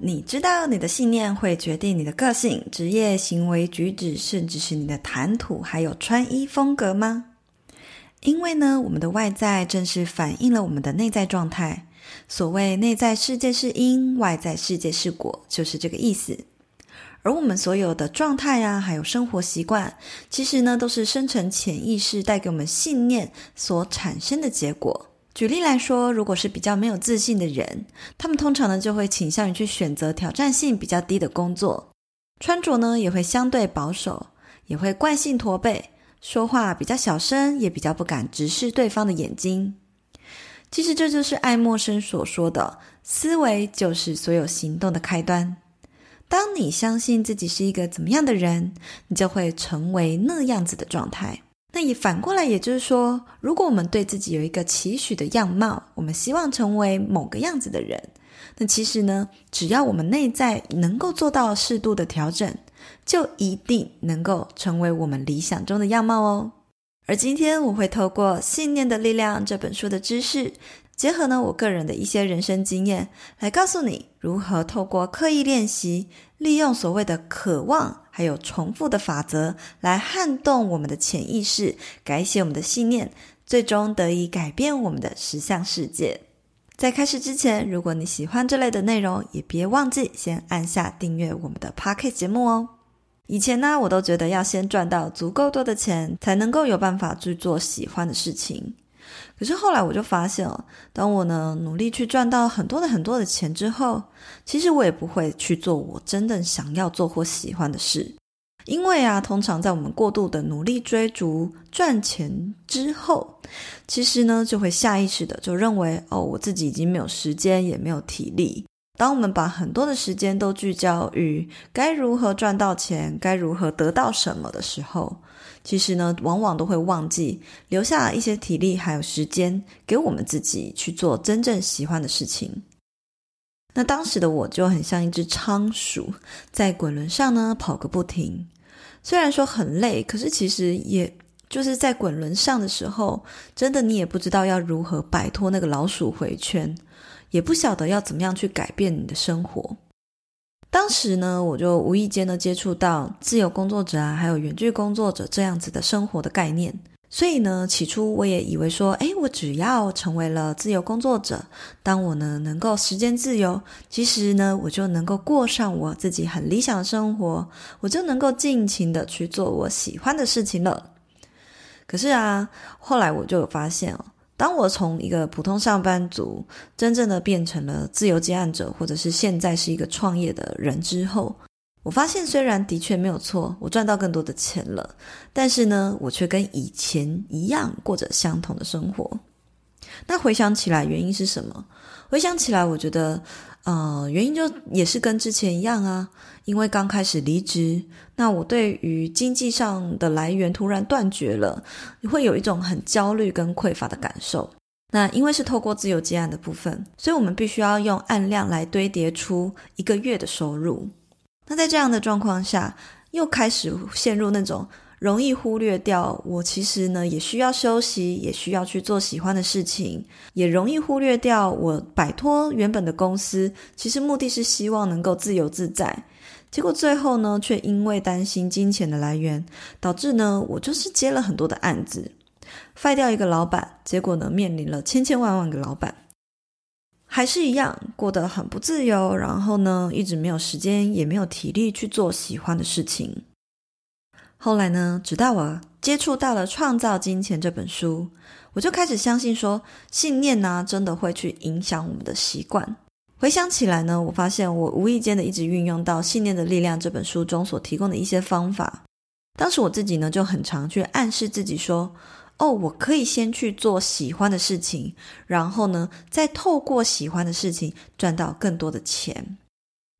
你知道你的信念會決定你的個性、職業、行為舉止，甚至是你的談吐，還有穿衣風格嗎？因為呢，我們的外在正是反映了我們的內在狀態。所謂“內在世界是因，外在世界是果”，就是這個意思。而我們所有的狀態啊，還有生活習慣，其實呢，都是深層潛意識帶給我們信念所產生的結果。舉例來說，如果是比較沒有自信的人，他們通常呢就會傾向於去選擇挑戰性比較低的工作，穿着呢也會相對保守，也會慣性駝背，說話比較小聲，也比較不敢直視對方的眼睛。其實這就是愛默生所說的“思維就是所有行動的開端”。當你相信自己是一個怎麼樣的人，你就會成為那樣子的狀態。那也反過來，也就是說，如果我們對自己有一個期許的樣貌，我們希望成為某個樣子的人，那其實呢，只要我們內在能夠做到適度的調整，就一定能夠成為我們理想中的樣貌哦。而今天我會透過《信念的力量》這本書的知識，結合呢我個人的一些人生經驗，來告訴你如何透過刻意練習，利用所謂的渴望。還有重複的法則來撼動我們的潛意識，改寫我們的信念，最終得以改變我們的實相世界。在開始之前，如果你喜歡這類的內容，也別忘記先按下訂閱我們的 Podcast 節目哦。以前呢、啊，我都覺得要先賺到足夠多的錢，才能夠有辦法去做喜歡的事情。可是後來我就發現了，當我呢努力去賺到很多的很多的錢之後，其實我也不會去做我真的想要做或喜歡的事，因為啊，通常在我們過度的努力追逐賺錢之後，其實呢就會下意識的就認為，哦，我自己已經沒有時間，也沒有體力。當我們把很多的時間都聚焦於該如何賺到錢，該如何得到什麼的時候，其實呢，往往都會忘記留下一些體力，還有時間給我們自己去做真正喜歡的事情。那當時的我就很像一隻倉鼠，在滾輪上呢跑個不停。雖然說很累，可是其實也就是在滾輪上的時候，真的你也不知道要如何擺脫那個老鼠迴圈，也不曉得要怎麼樣去改變你的生活。當時呢，我就無意間的接觸到自由工作者啊，還有遠距工作者這樣子的生活的概念。所以呢，起初我也以為說，誒，我只要成為了自由工作者，當我呢能夠時間自由，其實呢我就能夠過上我自己很理想的生活，我就能夠盡情的去做我喜歡的事情了。可是啊，後來我就有發現哦。當我從一個普通上班族，真正的變成了自由接案者，或者是現在是一個創業的人之後，我發現雖然的確沒有錯，我賺到更多的錢了，但是呢，我卻跟以前一樣過着相同的生活。那回想起來，原因是什麼？回想起來，我覺得。呃，原因就也是跟之前一樣啊，因為剛開始離職，那我對於經濟上的來源突然斷絕了，你會有一種很焦慮跟匱乏的感受。那因為是透過自由接案的部分，所以我們必須要用案量來堆疊出一個月的收入。那在這樣的狀況下，又開始陷入那種。容易忽略掉，我其實呢也需要休息，也需要去做喜歡的事情，也容易忽略掉我擺脫原本的公司。其實目的是希望能夠自由自在，結果最後呢卻因為擔心金錢的來源，導致呢我就是接了很多的案子，廢掉一個老闆，結果呢面臨了千千萬萬個老闆，還是一樣過得很不自由，然後呢一直沒有時間，也沒有體力去做喜歡的事情。後來呢，直到我接觸到了《創造金錢》這本書，我就開始相信說，信念呢，真的會去影響我們的習慣。回想起來呢，我發現我無意間的一直運用到《信念的力量》這本書中所提供的一些方法。當時我自己呢就很常去暗示自己說：“哦，我可以先去做喜歡的事情，然後呢再透過喜歡的事情賺到更多的錢。”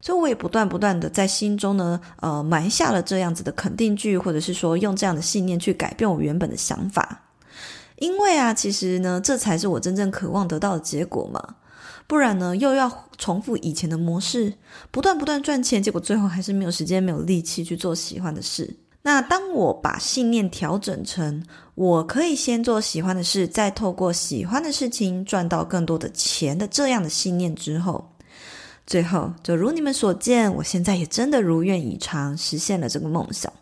所以我也不斷不斷的在心中呢，呃，埋下了這樣子的肯定句，或者是說用這樣的信念去改變我原本的想法。因為啊，其實呢，這才是我真正渴望得到的結果嘛。不然呢，又要重複以前的模式，不斷不斷賺錢，結果最後還是沒有時間，沒有力氣去做喜歡的事。那當我把信念調整成我可以先做喜歡的事，再透過喜歡的事情賺到更多的錢的這樣的信念之後，最後，就如你們所見，我現在也真的如願以償，實現了這個夢想。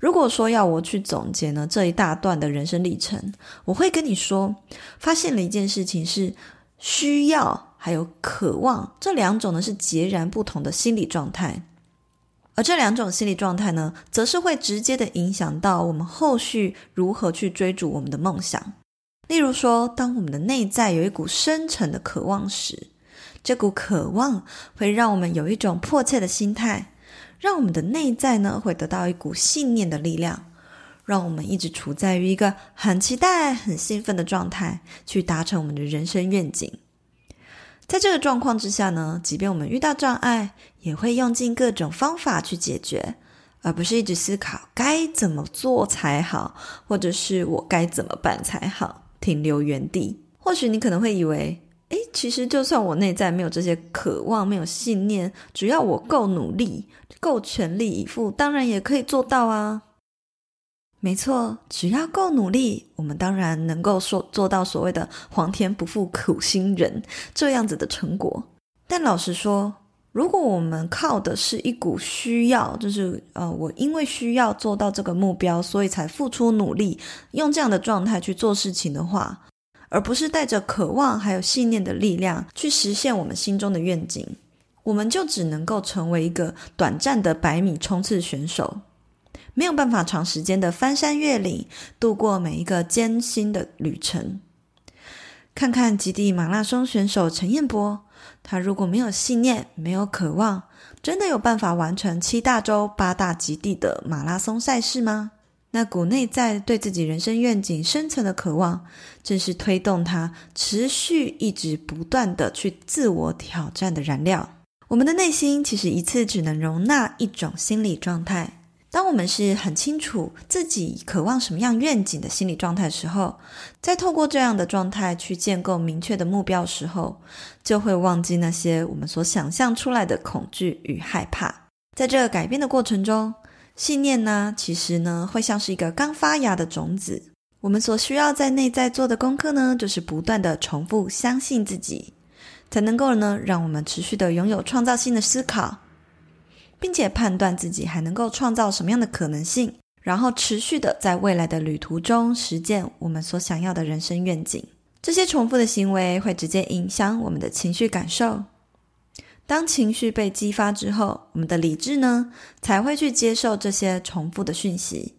如果說要我去總結呢，這一大段的人生歷程，我會跟你說，發現了一件事情是，需要還有渴望，這兩種呢，是截然不同的心理狀態，而這兩種心理狀態呢，則是會直接的影響到我們後續如何去追逐我們的夢想。例如說，當我們的內在有一股深沉的渴望時。這股渴望會讓我們有一種迫切的心態，讓我們的內在呢會得到一股信念的力量，讓我們一直處在於一個很期待、很興奮的狀態，去達成我們的人生願景。在這個狀況之下呢，即便我們遇到障礙，也會用盡各種方法去解決，而不是一直思考該怎麼做才好，或者是我該怎麼辦才好，停留原地。或許你可能會以為，誒，其實就算我內在沒有這些渴望，沒有信念，只要我夠努力、夠全力以赴，當然也可以做到啊。沒錯，只要夠努力，我們當然能夠說做到所謂的“皇天不負苦心人”這樣子的成果。但老實說，如果我們靠的是一股需要，就是呃，我因為需要做到這個目標，所以才付出努力，用這樣的狀態去做事情的話，而不是帶着渴望還有信念的力量去實現我們心中的願景，我們就只能夠成為一個短暫的百米衝刺選手，沒有辦法長時間的翻山越嶺，度過每一個艱辛的旅程。看看極地馬拉松選手陳彥博，他如果沒有信念，沒有渴望，真的有辦法完成七大洲八大極地的馬拉松賽事嗎？那股內在對自己人生願景深層的渴望，正是推動他持續、一直、不斷的去自我挑戰的燃料。我們的內心其實一次只能容納一種心理狀態。當我們是很清楚自己渴望什麼樣願景的心理狀態的時候，再透過這樣的狀態去建構明確的目標的時候，就會忘記那些我們所想象出來的恐懼與害怕。在這個改變的過程中。信念呢，其實呢，會像是一個剛發芽的種子。我們所需要在內在做的功課呢，就是不斷的重複相信自己，才能夠呢，讓我們持續的擁有創造性的思考，並且判斷自己還能夠創造什麼樣的可能性，然後持續的在未來的旅途中實踐我們所想要的人生願景。這些重複的行為會直接影響我們的情緒感受。當情緒被激發之後，我們的理智呢，才會去接受這些重複的訊息，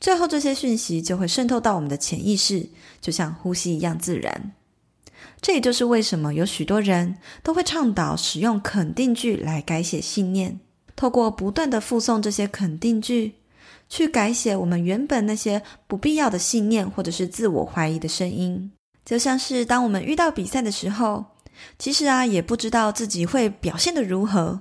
最後這些訊息就會滲透到我們的潛意識，就像呼吸一樣自然。這也就是為什麼有許多人都會倡導使用肯定句來改寫信念，透過不斷的複誦這些肯定句，去改寫我們原本那些不必要的信念或者是自我懷疑的聲音。就像是當我們遇到比賽的時候。其實啊，也不知道自己會表現得如何，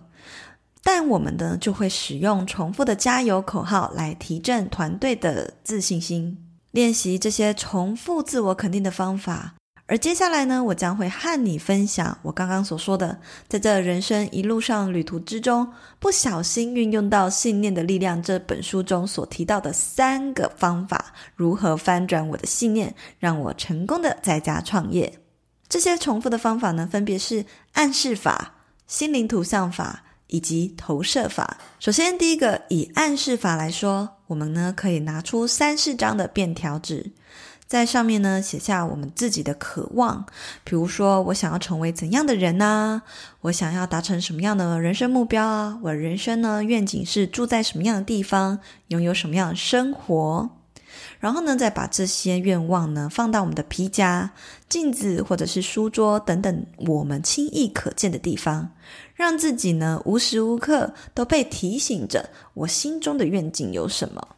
但我們呢就會使用重複的加油口號，來提振團隊的自信心。練習這些重複自我肯定的方法，而接下來呢，我將會和你分享我剛剛所說的，在這人生一路上旅途之中，不小心運用到《信念的力量》這本書中所提到的三個方法，如何翻轉我的信念，讓我成功的在家創業。這些重複的方法呢，分別是暗示法、心靈圖像法以及投射法。首先，第一個以暗示法來說，我們呢可以拿出三四張的便條紙，在上面呢寫下我們自己的渴望，比如說我想要成為怎樣的人吶、啊？我想要達成什麼樣的人生目標啊？我的人生呢願景是住在什麼樣的地方，擁有什麼樣的生活？然後呢，再把這些願望呢放到我們的皮夾、鏡子或者是書桌等等我們輕易可見的地方，讓自己呢無時無刻都被提醒着我心中的願景有什麼。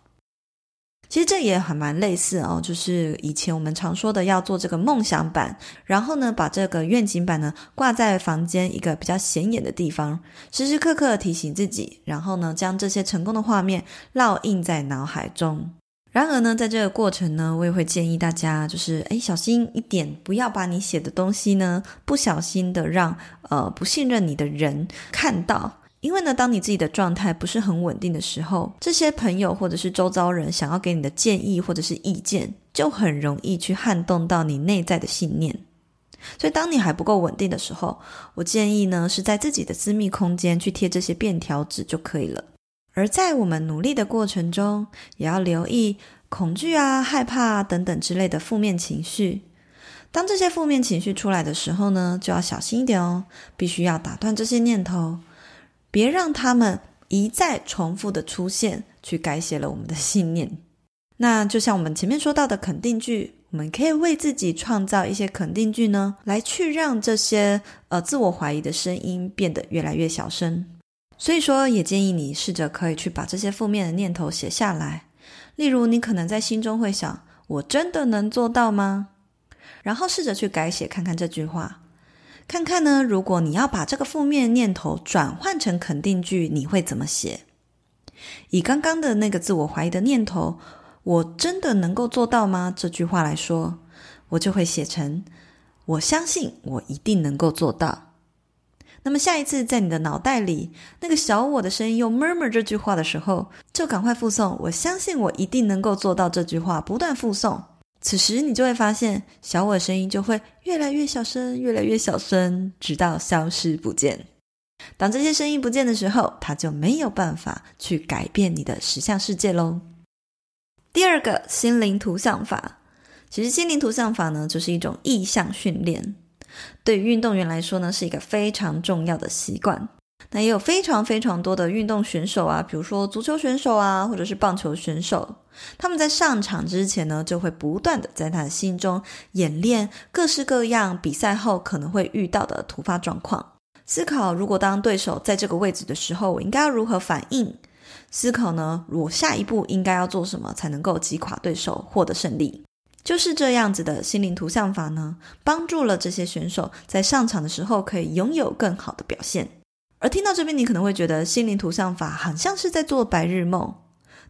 其實這也還蠻類似哦，就是以前我們常說的要做這個夢想板，然後呢把這個願景板呢掛在房間一個比較顯眼的地方，時時刻刻提醒自己，然後呢將這些成功的畫面烙印在腦海中。然而呢，在這個過程呢，我也會建議大家，就是哎，小心一點，不要把你寫的東西呢，不小心的讓呃不信任你的人看到。因為呢，當你自己的狀態不是很穩定的時候，這些朋友或者是周遭人想要給你的建議或者是意見，就很容易去撼動到你內在的信念。所以，當你還不夠穩定的時候，我建議呢，是在自己的私密空間去貼這些便條紙就可以了。而在我們努力的過程中，也要留意恐懼啊、害怕啊等等之類的負面情緒。當這些負面情緒出來的時候呢，就要小心一點哦，必須要打斷這些念頭，別讓他們一再重複的出現，去改寫了我們的信念。那就像我們前面說到的肯定句，我們可以為自己創造一些肯定句呢，來去讓這些呃自我懷疑的聲音變得越來越小聲。所以說，也建議你試着可以去把這些負面的念頭寫下來。例如，你可能在心中會想：“我真的能做到嗎？”然後試着去改寫看看這句話，看看呢，如果你要把這個負面念頭轉換成肯定句，你會怎麼寫？以剛剛的那個自我懷疑的念頭“我真的能夠做到嗎？”這句話來說，我就會寫成：“我相信我一定能夠做到。”那麼下一次在你的腦袋裡，那個小我的聲音又 murmur 這句話的時候，就趕快複誦，我相信我一定能夠做到這句話，不斷複誦。此時你就會發現，小我的聲音就會越來越小聲，越來越小聲，直到消失不見。當這些聲音不見的時候，它就沒有辦法去改變你的實相世界嘍。第二個心靈圖像法，其實心靈圖像法呢，就是一種意象訓練。對於運動員來說呢，是一個非常重要的習慣。那也有非常非常多的運動選手啊，比如說足球選手啊，或者是棒球選手，他們在上場之前呢，就會不斷地在他的心中演練各式各樣比賽後可能會遇到的突發狀況，思考如果當對手在這個位置的時候，我應該要如何反應？思考呢，我下一步應該要做什麼才能夠擊垮對手，獲得勝利？就是這樣子的心靈圖像法呢，幫助了這些選手在上場的時候可以擁有更好的表現。而聽到這邊，你可能會覺得心靈圖像法好像是在做白日夢，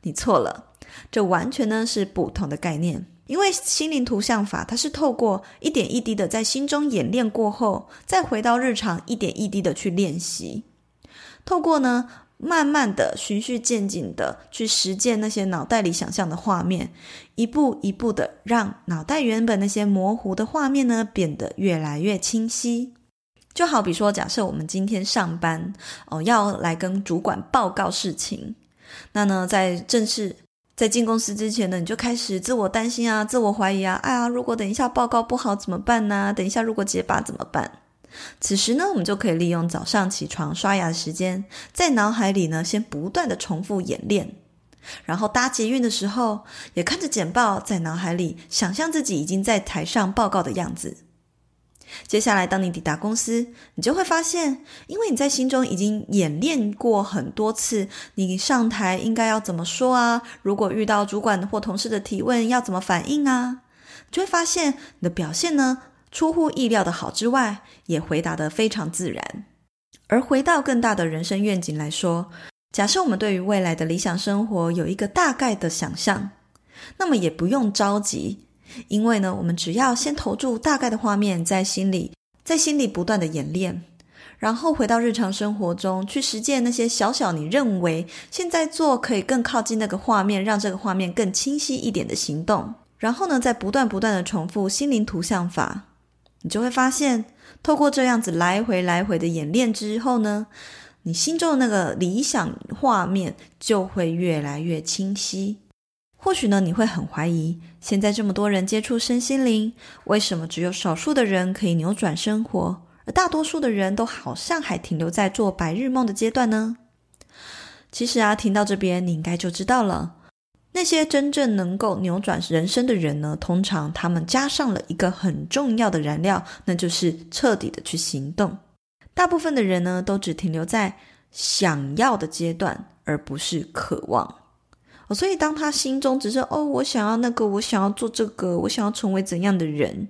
你錯了，這完全呢是不同的概念。因為心靈圖像法它是透過一點一滴的在心中演練過後，再回到日常一點一滴的去練習，透過呢。慢慢的、循序漸進的去實踐那些腦袋裡想象的畫面，一步一步的讓腦袋原本那些模糊的畫面呢變得越來越清晰。就好比說，假設我們今天上班哦，要來跟主管報告事情，那呢，在正式在進公司之前呢，你就開始自我擔心啊、自我懷疑啊，哎呀，如果等一下報告不好怎麼辦呢，啊？等一下如果結巴怎麼辦？此時呢，我們就可以利用早上起床刷牙的時間，在腦海裡呢先不斷的重複演練，然後搭捷運的時候也看着簡報，在腦海裡想象自己已經在台上報告的樣子。接下來，當你抵達公司，你就會發現，因為你在心中已經演練過很多次，你上台應該要怎麼說啊？如果遇到主管或同事的提問，要怎麼反應啊？就會發現你的表現呢，出乎意料的好之外，也回答得非常自然。而回到更大的人生願景來說，假設我們對於未來的理想生活有一個大概的想象，那麼也不用着急，因為呢，我們只要先投注大概的畫面在心裡，在心裡不斷的演練，然後回到日常生活中去實踐那些小小你認為現在做可以更靠近那個畫面，讓這個畫面更清晰一點的行動，然後呢，再不斷不斷的重複心靈圖像法。你就會發現，透過這樣子來回來回的演練之後呢，你心中的那個理想畫面就會越來越清晰。或許呢，你會很懷疑，現在這麼多人接觸身心靈，為什麼只有少數的人可以扭轉生活，而大多數的人都好像還停留在做白日夢的階段呢？其實啊，聽到這邊你應該就知道了。那些真正能夠扭轉人生的人呢，通常他們加上了一個很重要的燃料，那就是徹底的去行動。大部分的人呢，都只停留在想要的階段，而不是渴望。哦，所以當他心中只是哦，我想要那個，我想要做這個，我想要成為怎樣的人，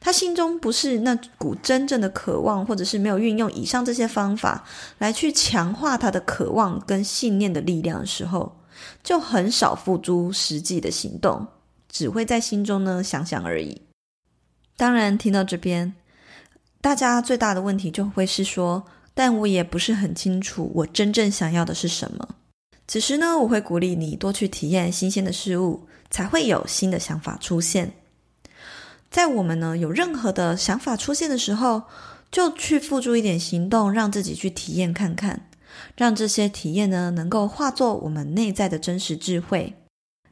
他心中不是那股真正的渴望，或者是沒有運用以上這些方法來去強化他的渴望跟信念的力量的時候。就很少付諸實際的行動，只會在心中呢想想而已。當然，聽到這邊，大家最大的問題就會是說，但我也不是很清楚我真正想要的是什麼。此時呢，我會鼓勵你多去體驗新鮮的事物，才會有新的想法出現。在我們呢有任何的想法出現的時候，就去付諸一點行動，讓自己去體驗看看。讓這些體驗呢，能夠化作我們內在的真實智慧。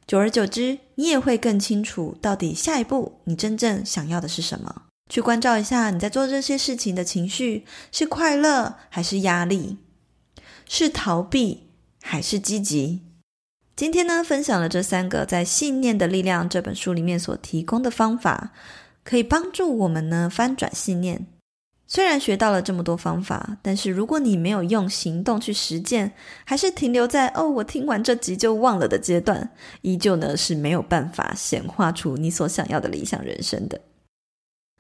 久而久之，你也會更清楚到底下一步你真正想要的是什麼。去關照一下你在做這些事情的情緒，是快樂還是壓力？是逃避還是積極？今天呢，分享了這三個在《信念的力量》這本書裡面所提供的方法，可以幫助我們呢翻轉信念。雖然學到了這麼多方法，但是如果你沒有用行動去實踐，還是停留在“哦，我聽完這集就忘了”的階段，依舊呢是沒有辦法顯化出你所想要的理想人生的。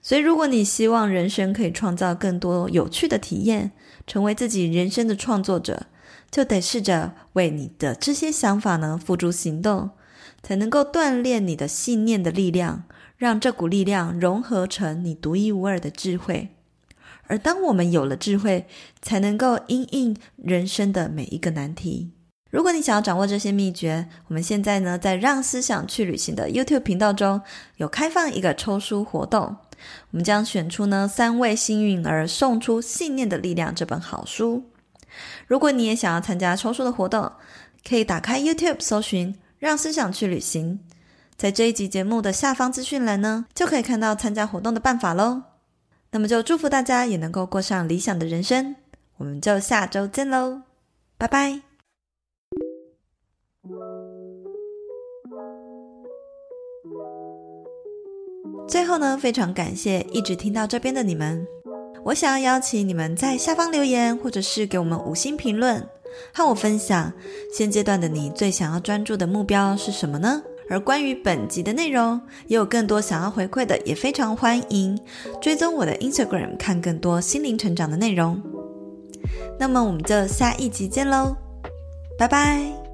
所以，如果你希望人生可以創造更多有趣的體驗，成為自己人生的創作者，就得試着為你的這些想法呢付諸行動，才能夠鍛鍊你的信念的力量，讓這股力量融合成你獨一無二的智慧。而當我們有了智慧，才能夠因應人生的每一個難題。如果你想要掌握這些祕訣，我們現在呢在《讓思想去旅行》的 YouTube 頻道中有開放一個抽書活動，我們將選出呢三位幸運兒送出《信念的力量》這本好書。如果你也想要參加抽書的活動，可以打開 YouTube 搜尋《讓思想去旅行》，在這一集節目的下方資訊欄呢就可以看到參加活動的辦法嘍。那麼就祝福大家也能夠過上理想的人生，我們就下周見嘍，拜拜。最後呢，非常感謝一直聽到這邊的你們，我想要邀請你們在下方留言，或者是給我們五星評論，和我分享現階段的你最想要專注的目標是什麼呢？而關於本集的內容，也有更多想要回饋的，也非常歡迎追蹤我的 Instagram，看更多心靈成長的內容。那麼，我們就下一集見嘍，拜拜。